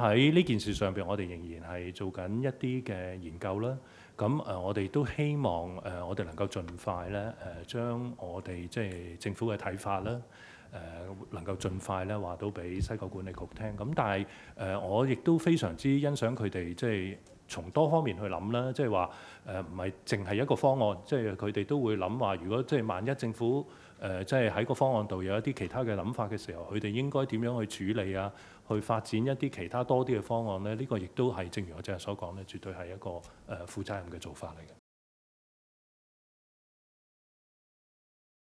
喺呢件事上邊，我哋仍然係做緊一啲嘅研究啦。咁誒，我哋都希望誒，我哋能夠盡快咧誒，將我哋即係政府嘅睇法啦誒，能夠盡快咧話到俾西九管理局聽，咁但係誒，我亦都非常之欣賞佢哋即係從多方面去諗啦，即係話誒唔係淨係一個方案，即係佢哋都會諗話如果即係萬一政府誒即係喺個方案度有一啲其他嘅諗法嘅時候，佢哋應該點樣去處理啊？去發展一啲其他多啲嘅方案咧？呢個亦都係正如我正係所講咧，絕對係一個誒負責任。嘅做法嚟嘅。